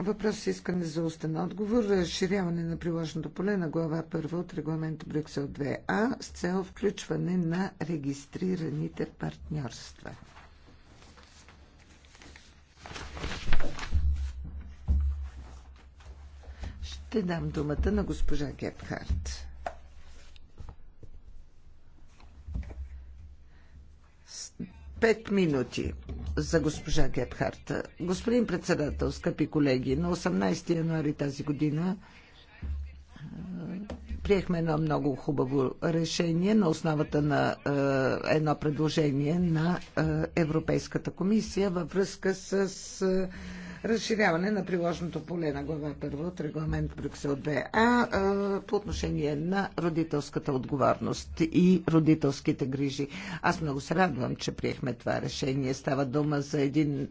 Въпрос е искане за устен отговор. Разширяване на приложното поле на глава 1 от регламент Брюксел 2А с цел включване на регистрираните партньорства. Ще дам думата на госпожа Гепхарт. Пет минути за госпожа Гепхарт. Господин председател, скъпи колеги, на 18 януари тази година приехме едно много хубаво решение на основата на едно предложение на Европейската комисия във връзка с разширяване на приложното поле на глава първа от регламент Брюксел 2А по отношение на родителската отговорност и родителските грижи. Аз много се радвам, че приехме това решение. Става дума за един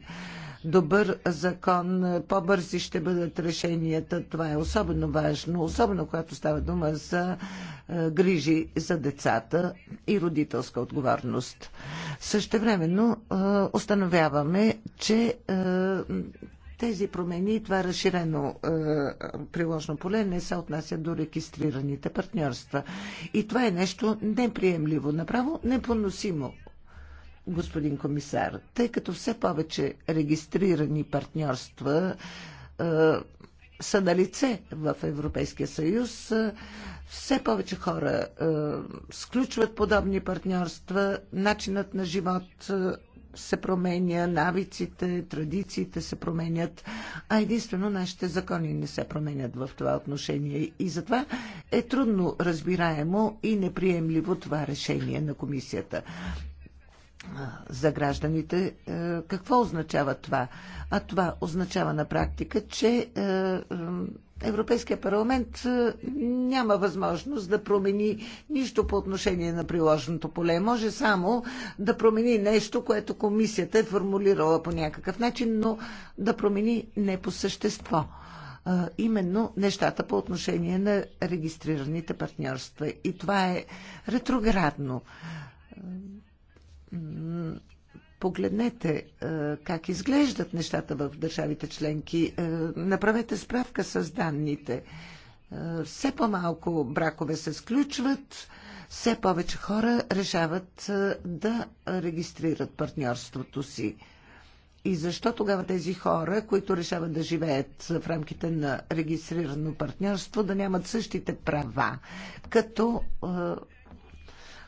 добър закон, по-бързи ще бъдат решенията. Това е особено важно, особено когато става дума за е, грижи за децата и родителска отговорност. времено е, установяваме, че е, тези промени, това разширено е, приложно поле не се отнасят до регистрираните партньорства. И това е нещо неприемливо, направо непоносимо, господин комисар, тъй като все повече регистрирани партньорства е, са на лице в Европейския съюз. Е, все повече хора е, сключват подобни партньорства. Начинът на живот е, се променя, навиците, традициите се променят, а единствено нашите закони не се променят в това отношение. И затова е трудно разбираемо и неприемливо това решение на комисията за гражданите. Е, какво означава това? А това означава на практика, че е, е, Европейския парламент е, няма възможност да промени нищо по отношение на приложеното поле. Може само да промени нещо, което комисията е формулирала по някакъв начин, но да промени не по същество. Е, именно нещата по отношение на регистрираните партньорства. И това е ретроградно е, Погледнете е, как изглеждат нещата в държавите членки. Е, направете справка с данните. Е, все по-малко бракове се сключват, все повече хора решават да регистрират партньорството си. И защо тогава тези хора, които решават да живеят в рамките на регистрирано партньорство, да нямат същите права, като е,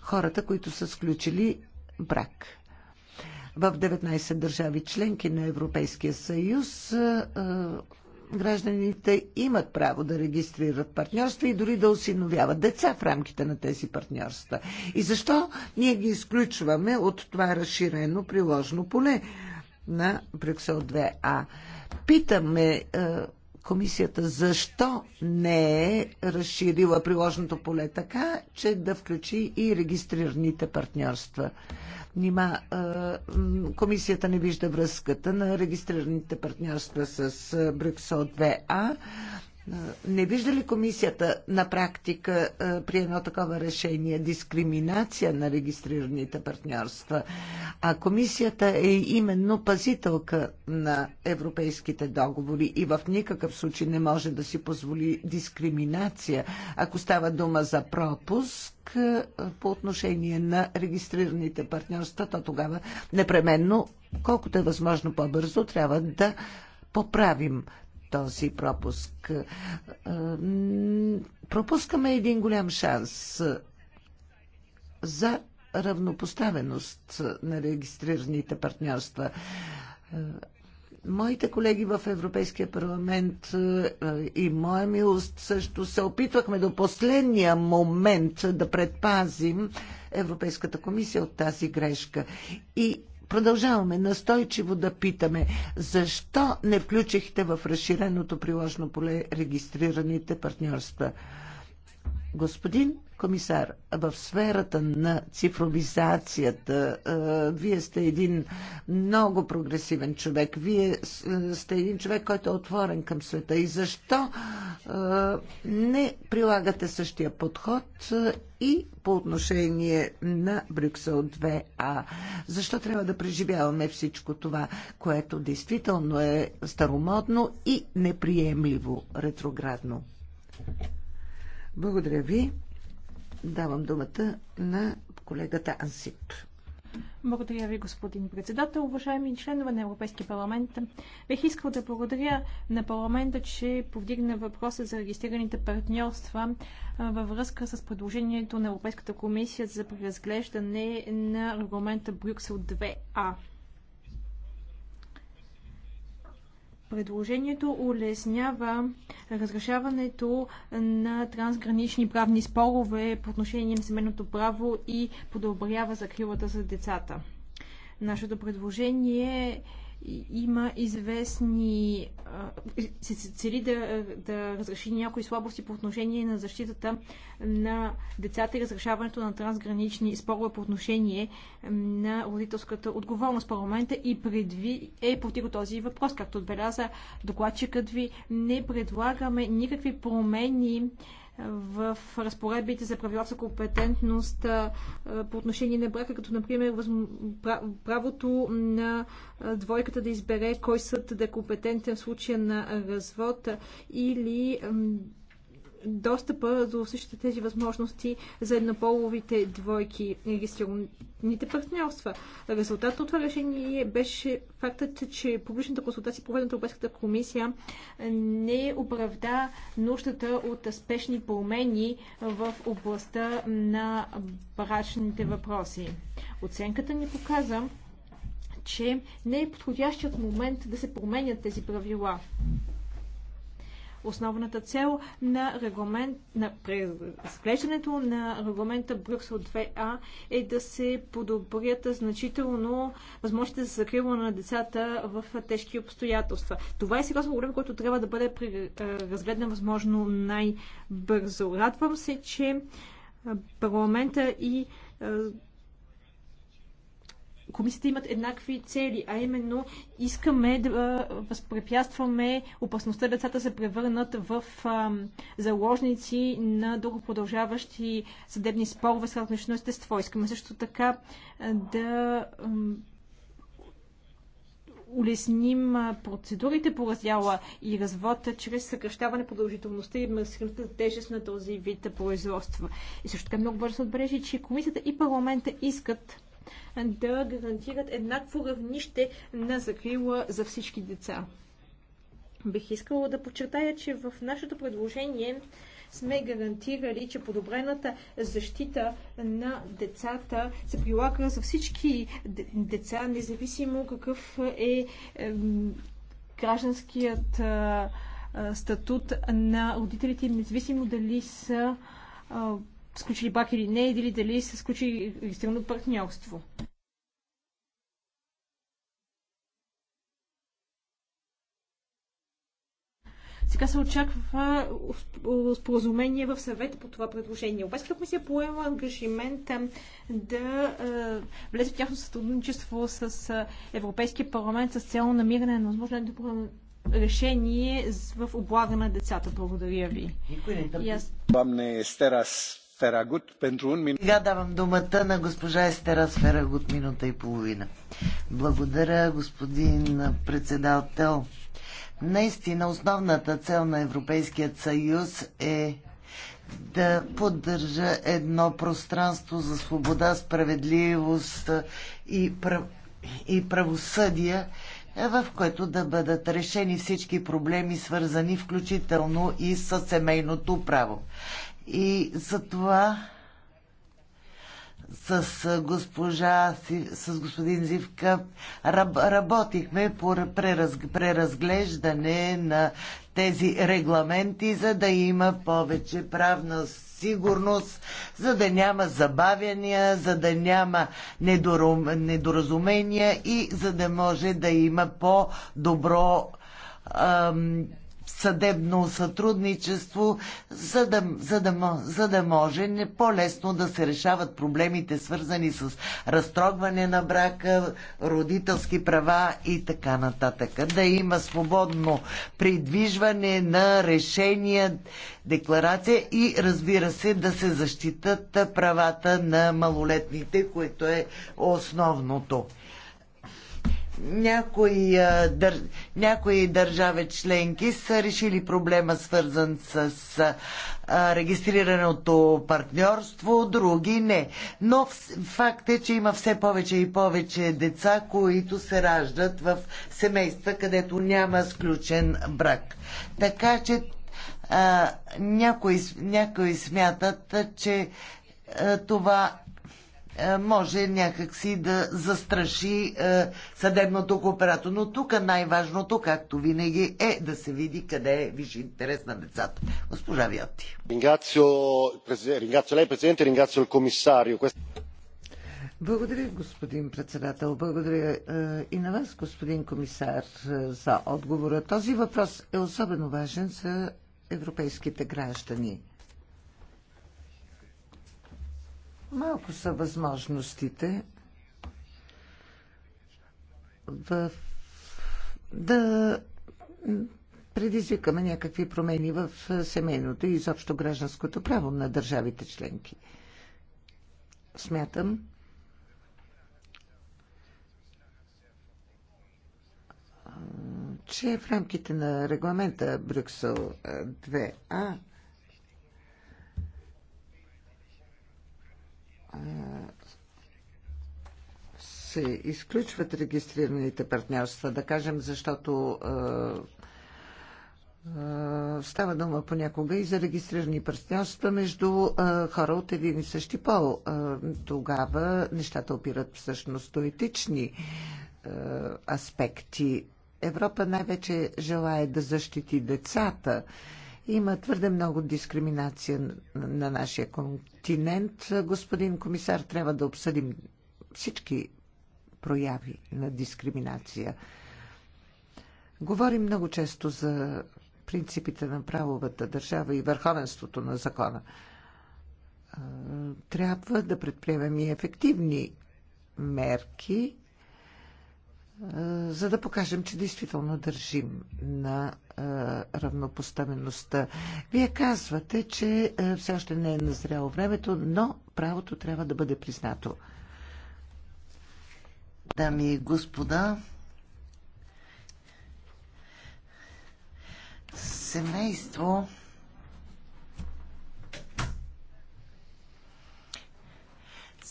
хората, които са сключили брак? в 19 държави членки на Европейския съюз гражданите имат право да регистрират партньорства и дори да осиновяват деца в рамките на тези партньорства. И защо ние ги изключваме от това разширено приложно поле на Брюксел 2А? Питаме комисията защо не е разширила приложното поле така, че да включи и регистрираните партньорства. Нима, комисията не вижда връзката на регистрираните партньорства с Брюксел 2А не вижда ли комисията на практика е, при едно такова решение дискриминация на регистрираните партньорства? А комисията е именно пазителка на европейските договори и в никакъв случай не може да си позволи дискриминация, ако става дума за пропуск е, по отношение на регистрираните партньорства, то тогава непременно, колкото е възможно по-бързо, трябва да поправим този пропуск. Е, пропускаме един голям шанс за равнопоставеност на регистрираните партньорства. Е, моите колеги в Европейския парламент е, и моя милост също се опитвахме до последния момент да предпазим Европейската комисия от тази грешка. И продължаваме настойчиво да питаме защо не включихте в разширеното приложно поле регистрираните партньорства. Господин комисар, в сферата на цифровизацията, вие сте един много прогресивен човек. Вие сте един човек, който е отворен към света. И защо не прилагате същия подход и по отношение на Брюксел 2А? Защо трябва да преживяваме всичко това, което действително е старомодно и неприемливо ретроградно? Благодаря ви. Давам думата на колегата Ансип. Благодаря ви, господин председател. Уважаеми членове на Европейския парламент, бих искал да благодаря на парламента, че повдигна въпроса за регистрираните партньорства във връзка с предложението на Европейската комисия за преразглеждане на регламента Брюксел 2А. Предложението улеснява разрешаването на трансгранични правни спорове по отношение на семейното право и подобрява закрилата за децата. Нашето предложение е има известни... се цели да, да разреши някои слабости по отношение на защитата на децата и разрешаването на трансгранични спорове по отношение на родителската отговорност. Парламента и предви е против този въпрос. Както отбеляза докладчикът ви, не предлагаме никакви промени в разпоредбите за правила за компетентност по отношение на брака, като например правото на двойката да избере кой съд да е компетентен в случая на развод или достъпа до същите тези възможности за еднополовите двойки регистрираните партньорства. Резултат от това решение беше фактът, че публичната консултация, проведена от Европейската комисия, не оправда нуждата от спешни промени в областта на брачните въпроси. Оценката ни показа, че не е подходящият момент да се променят тези правила основната цел на регламент, на разглеждането на регламента Брюксел 2А е да се подобрят значително възможностите за закрила на децата в тежки обстоятелства. Това е сега, проблем, който трябва да бъде разгледан възможно най-бързо. Радвам се, че парламента и комисията имат еднакви цели, а именно искаме да възпрепятстваме опасността децата се превърнат в заложници на продължаващи съдебни спорове с различно естество. Искаме също така да улесним процедурите по раздяла и развода чрез съкръщаване продължителността и административната тежест на този вид производства. И също така е много важно да отбележи, че комисията и парламента искат да гарантират еднакво равнище на закрила за всички деца. Бих искала да подчертая, че в нашето предложение сме гарантирали, че подобрената защита на децата се прилага за всички деца, независимо какъв е гражданският статут на родителите, независимо дали са сключили брак или не, или дали са сключили регистрирано партньорство. Сега се очаква споразумение в съвета по това предложение. Европейската комисия поема ангажимент да влезе в тяхно сътрудничество с Европейския парламент с цел намиране на възможно най-добро решение в облага на децата. Благодаря ви. Никой не търпи. Аз... е стерас. Сега давам думата на госпожа Естера Сферагут минута и половина. Благодаря, господин председател. Наистина основната цел на Европейският съюз е да поддържа едно пространство за свобода, справедливост и, прав... и правосъдие, в което да бъдат решени всички проблеми, свързани включително и с семейното право. И затова с госпожа, с господин Зивка работихме по преразглеждане на тези регламенти, за да има повече правна сигурност, за да няма забавяния, за да няма недоразумения и за да може да има по-добро съдебно сътрудничество, за да, за да, за да може по-лесно да се решават проблемите, свързани с разтрогване на брака, родителски права и така нататък. Да има свободно придвижване на решения, декларация и разбира се да се защитат правата на малолетните, което е основното някои, дър... някои държави членки са решили проблема свързан с а, регистрираното партньорство, други не. Но факт е, че има все повече и повече деца, които се раждат в семейства, където няма сключен брак. Така че а, някои, някои смятат, че а, това е, може някакси да застраши е, съдебното кооперато. Но тук най-важното, както винаги, е да се види къде е виж интерес на децата. Госпожа Виоти. Благодаря, господин председател. Благодаря е, и на вас, господин комисар, за отговора. Този въпрос е особено важен за европейските граждани. Малко са възможностите в... да предизвикаме някакви промени в семейното и изобщо гражданското право на държавите членки. Смятам, че в рамките на регламента Брюксел 2А се изключват регистрираните партньорства, да кажем, защото става дума понякога и за регистрирани партньорства между хора от един и същи пол. Тогава нещата опират всъщност до етични аспекти. Европа най-вече желая да защити децата има твърде много дискриминация на нашия континент. Господин комисар, трябва да обсъдим всички прояви на дискриминация. Говорим много често за принципите на правовата държава и върховенството на закона. Трябва да предприемем и ефективни мерки е, за да покажем, че действително държим на е, равнопоставеността. Вие казвате, че е, все още не е назряло времето, но правото трябва да бъде признато. Дами и господа, семейство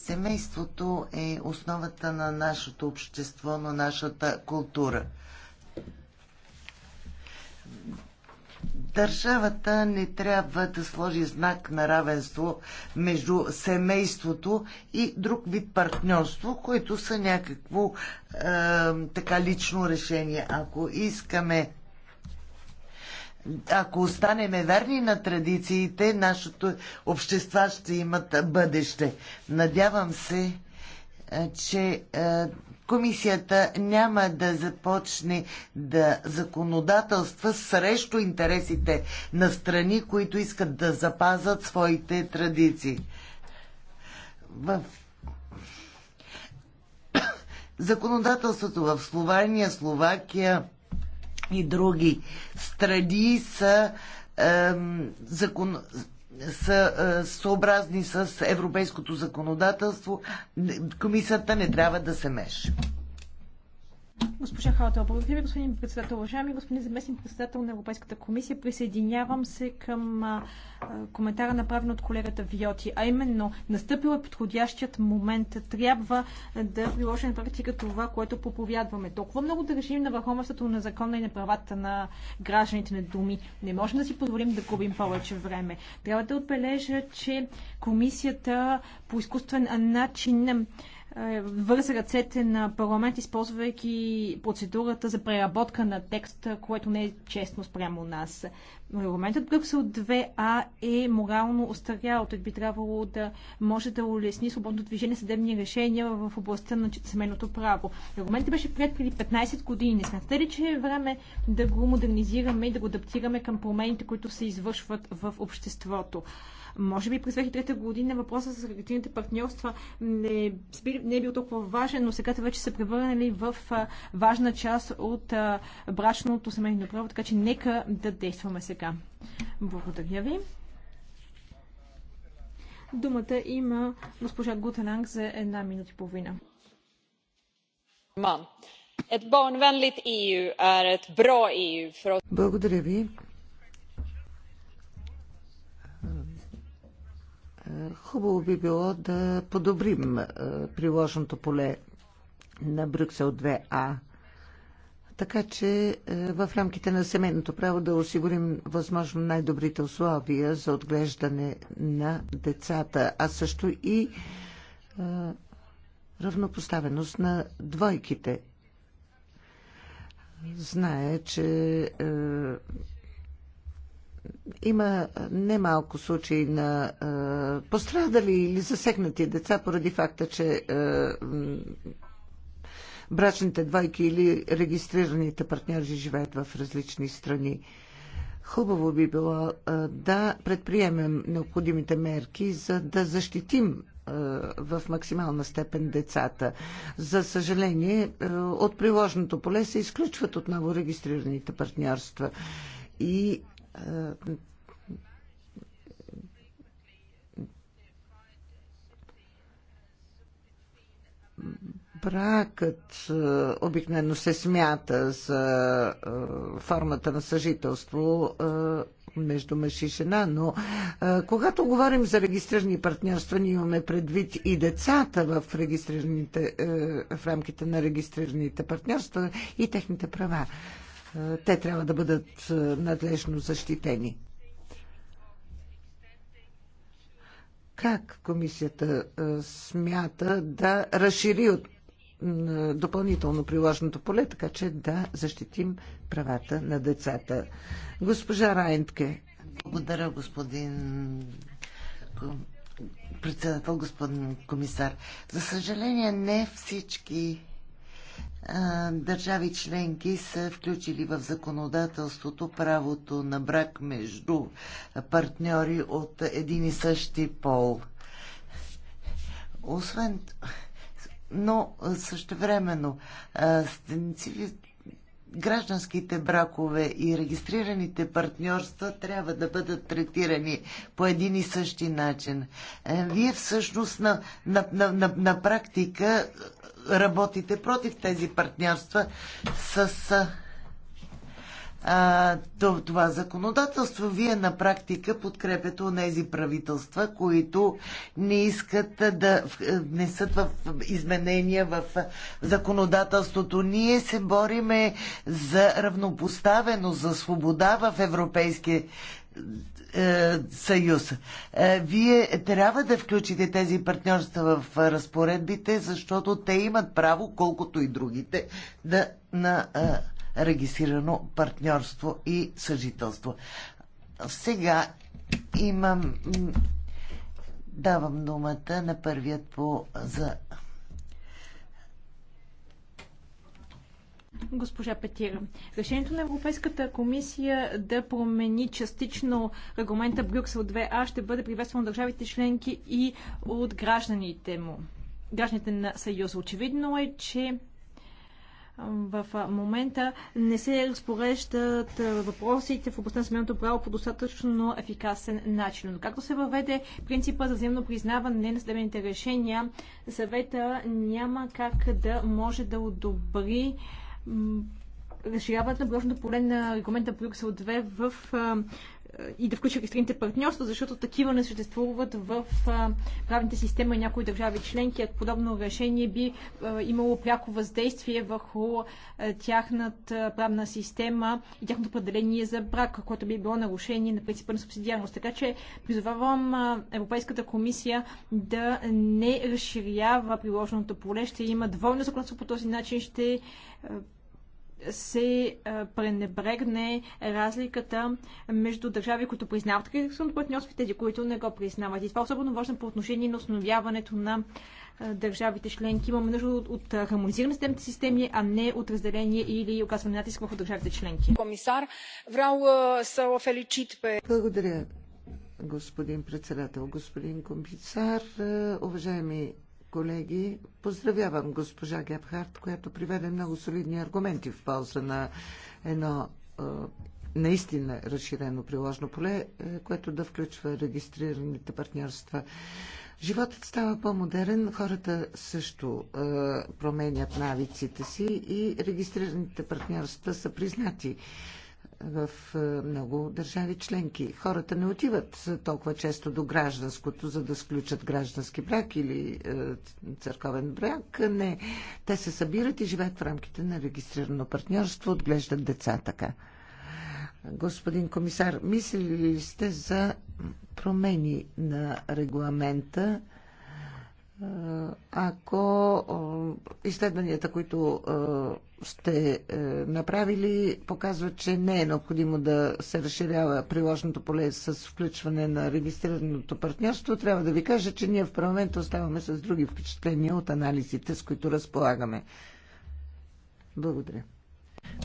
Семейството е основата на нашето общество, на нашата култура. Държавата не трябва да сложи знак на равенство между семейството и друг вид партньорство, които са някакво е, така лично решение. Ако искаме ако останеме верни на традициите, нашето общество ще имат бъдеще. Надявам се, че комисията няма да започне да законодателства срещу интересите на страни, които искат да запазат своите традиции. В законодателството в Словения, Словакия, и други страни са, е, закон, са е, съобразни с европейското законодателство. Комисията не трябва да се меши. Госпожа Халтова, благодаря ви, господин председател. Уважаеми господин заместник председател на Европейската комисия, присъединявам се към а, коментара, направен от колегата Виоти, а именно настъпил е подходящият момент. Трябва да приложим на практика това, което проповядваме. Толкова много държим на върховенството на закона и на правата на гражданите на думи. Не можем да си позволим да губим повече време. Трябва да отбележа, че комисията по изкуствен начин е, върза ръцете на парламент, използвайки процедурата за преработка на текст, което не е честно спрямо нас. Регламентът Брюксел 2А е морално остарял. Той би трябвало да може да улесни свободно движение съдебни решения в областта на семейното право. Регламентът беше прият преди 15 години. Смятате ли, че е време да го модернизираме и да го адаптираме към промените, които се извършват в обществото? Може би през 2003 година въпросът с регионалните партньорства не, не е бил толкова важен, но сега те вече са превърнали в важна част от брачното семейно право, така че нека да действаме сега. Благодаря ви. Думата има госпожа Гутенанг за една минута и половина. Е, е е, Благодаря ви. Хубаво би било да подобрим е, приложното поле на Брюксел 2А, така че е, в рамките на семейното право да осигурим възможно най-добрите условия за отглеждане на децата, а също и е, равнопоставеност на двойките. Знае, че има немалко случаи на а, пострадали или засегнати деца поради факта, че а, брачните двойки или регистрираните партньори живеят в различни страни. Хубаво би било а, да предприемем необходимите мерки, за да защитим в максимална степен децата. За съжаление, от приложното поле се изключват отново регистрираните партньорства. И е, бракът е, обикновено се смята за е, формата на съжителство между мъж и жена, но когато говорим за регистрирани партньорства, ние имаме предвид и децата в, регистрираните, в рамките на регистрираните партньорства и техните права. Е, те трябва да бъдат е, надлежно защитени. Как комисията е, смята да разшири от допълнително приложното поле, така че да защитим правата на децата. Госпожа Райнтке. Благодаря, господин председател, господин комисар. За съжаление, не всички държави членки са включили в законодателството правото на брак между партньори от един и същи пол. Освен, но също времено, гражданските бракове и регистрираните партньорства трябва да бъдат третирани по един и същи начин. Е, вие всъщност на, на, на, на, на практика работите против тези партньорства с това законодателство, вие на практика подкрепяте тези правителства, които не искат да внесат е, в изменения в законодателството. Ние се бориме за равнопоставеност, за свобода в Европейския е, съюз. Е, вие трябва да включите тези партньорства в разпоредбите, защото те имат право, колкото и другите, да на е, регистрирано партньорство и съжителство. Сега имам. Давам думата на първият по за Госпожа Петира, решението на Европейската комисия да промени частично регламента Брюксел 2А ще бъде приветствано от държавите членки и от гражданите му. Гражданите на Съюза. Очевидно е, че в момента не се разпореждат въпросите в областта на семейното право по достатъчно ефикасен начин. Но както се въведе принципа за взаимно признаване на съдебните решения, съвета няма как да може да одобри разширяването на приложното поле на регламента Брюксел 2 в, и да включи регистрираните партньорства, защото такива не съществуват в правните системи на някои държави членки. Подобно решение би имало пряко въздействие върху тяхната правна система и тяхното определение за брак, което би било нарушение на принципа на субсидиарност. Така че призовавам Европейската комисия да не разширява приложеното поле. Ще има двойно законодателство по този начин, ще се пренебрегне разликата между държави, които признават кризисното партньорство и тези, които не го признават. И това е особено важно по отношение на установяването на държавите членки. Имаме нужда от, хармонизиране с темните системи, а не от разделение или оказване натиск върху държавите членки. Комисар, врал са o Благодаря, господин председател, господин комисар, уважаеми колеги. Поздравявам госпожа Гебхарт, която приведе много солидни аргументи в полза на едно е, наистина разширено приложно поле, е, което да включва регистрираните партньорства. Животът става по-модерен, хората също е, променят навиците си и регистрираните партньорства са признати в е, много държави членки. Хората не отиват толкова често до гражданското, за да сключат граждански брак или е, църковен брак. Не. Те се събират и живеят в рамките на регистрирано партньорство, отглеждат деца така. Господин комисар, мислили ли сте за промени на регламента, е, ако изследванията, които сте направили, показват, че не е необходимо да се разширява приложното поле с включване на регистрираното партньорство. Трябва да ви кажа, че ние в парламента оставаме с други впечатления от анализите, с които разполагаме. Благодаря.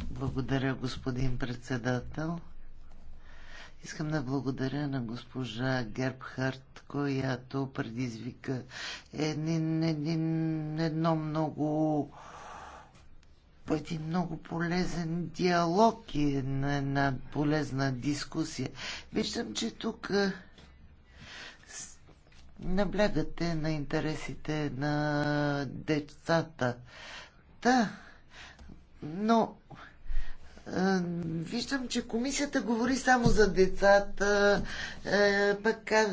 Благодаря, господин председател. Искам да благодаря на госпожа Гербхарт, която предизвика един, един, едно много един много полезен диалог и една, една полезна дискусия. Виждам, че тук наблягате на интересите на децата. Да, но е, виждам, че комисията говори само за децата, е, пък е,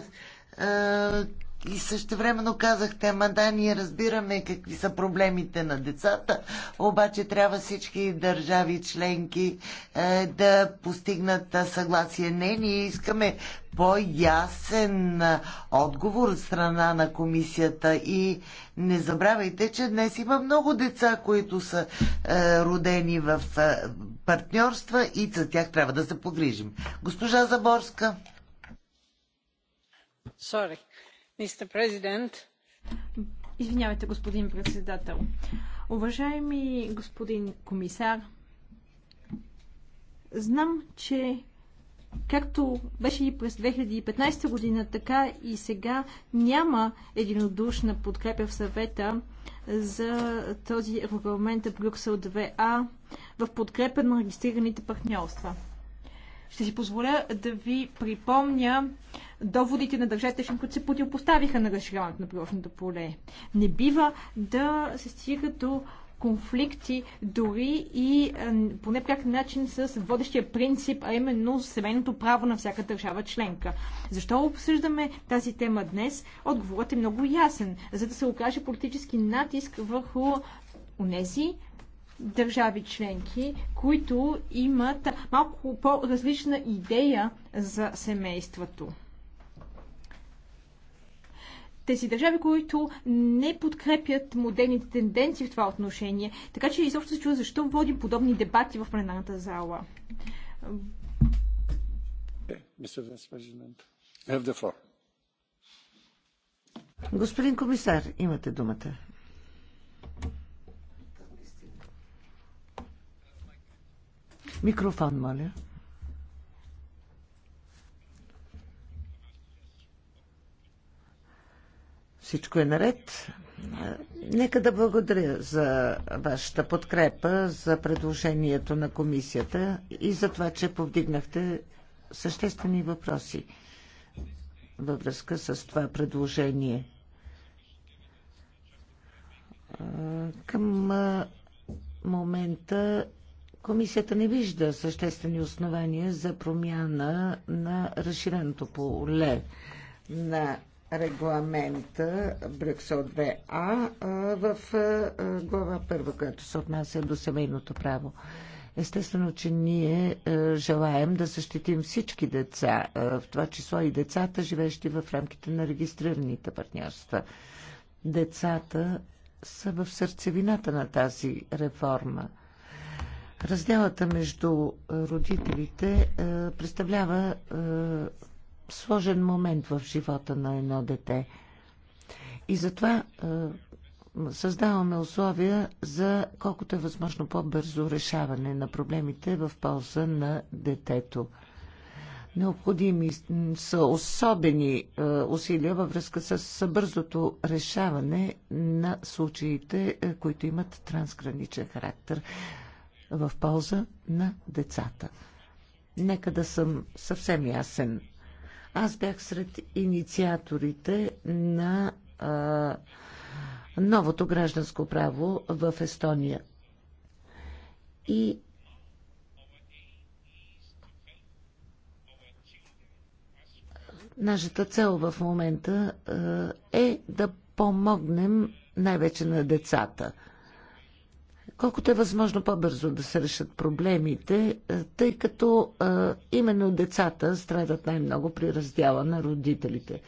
и също времено казахте, ама да, ние разбираме какви са проблемите на децата, обаче трябва всички държави членки е, да постигнат съгласие. Не, ние искаме по-ясен отговор от страна на комисията и не забравяйте, че днес има много деца, които са е, родени в е, партньорства и за тях трябва да се погрижим. Госпожа Заборска. Sorry. Извинявайте, господин председател. Уважаеми господин комисар, знам, че както беше и през 2015 година, така и сега няма единодушна подкрепя в съвета за този регламент Брюксел 2А в подкрепа на регистрираните партньорства. Ще си позволя да ви припомня доводите на държавите, които се противопоставиха на разширяването на приложното поле. Не бива да се стига до конфликти, дори и е, по непряк начин с водещия принцип, а именно семейното право на всяка държава членка. Защо обсъждаме тази тема днес? Отговорът е много ясен, за да се окаже политически натиск върху унези държави членки, които имат малко по-различна идея за семейството. Тези държави, които не подкрепят модерните тенденции в това отношение, така че изобщо се чува защо водим подобни дебати в пленарната зала. Господин комисар, имате думата. Микрофон, моля. Всичко е наред. Нека да благодаря за вашата подкрепа, за предложението на комисията и за това, че повдигнахте съществени въпроси във връзка с това предложение. Към момента Комисията не вижда съществени основания за промяна на разширеното поле на регламента Брюксел 2А в глава първа, която се отнася до семейното право. Естествено, че ние желаем да защитим всички деца, в това число и децата, живещи в рамките на регистрираните партньорства. Децата са в сърцевината на тази реформа – Разделата между е, родителите е, представлява е, сложен момент в живота на едно дете. И затова създаваме условия за колкото е възможно по-бързо решаване на проблемите в полза на детето. Необходими са особени усилия във връзка с бързото решаване на случаите, които имат трансграничен характер в полза на децата. Нека да съм съвсем ясен. Аз бях сред инициаторите на а, новото гражданско право в Естония. И нашата цел в момента е да помогнем най-вече на децата – колкото е възможно по-бързо да се решат проблемите, е, тъй като а, е, именно децата страдат най-много при раздяла на родителите.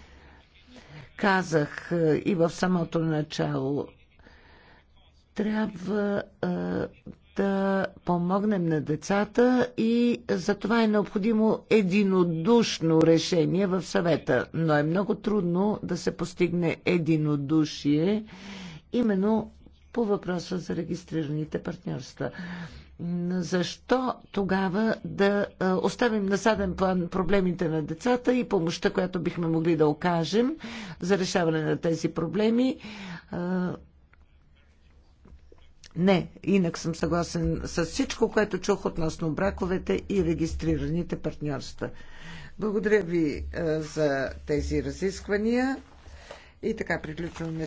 Казах а, е, и в самото начало, трябва а, да помогнем на децата и за това е необходимо единодушно решение в съвета. Но е много трудно да се постигне единодушие именно по въпроса за регистрираните партньорства. Защо тогава да оставим на саден план проблемите на децата и помощта, която бихме могли да окажем за решаване на тези проблеми? Не, инак съм съгласен с всичко, което чух относно браковете и регистрираните партньорства. Благодаря ви за тези разисквания. И така приключваме.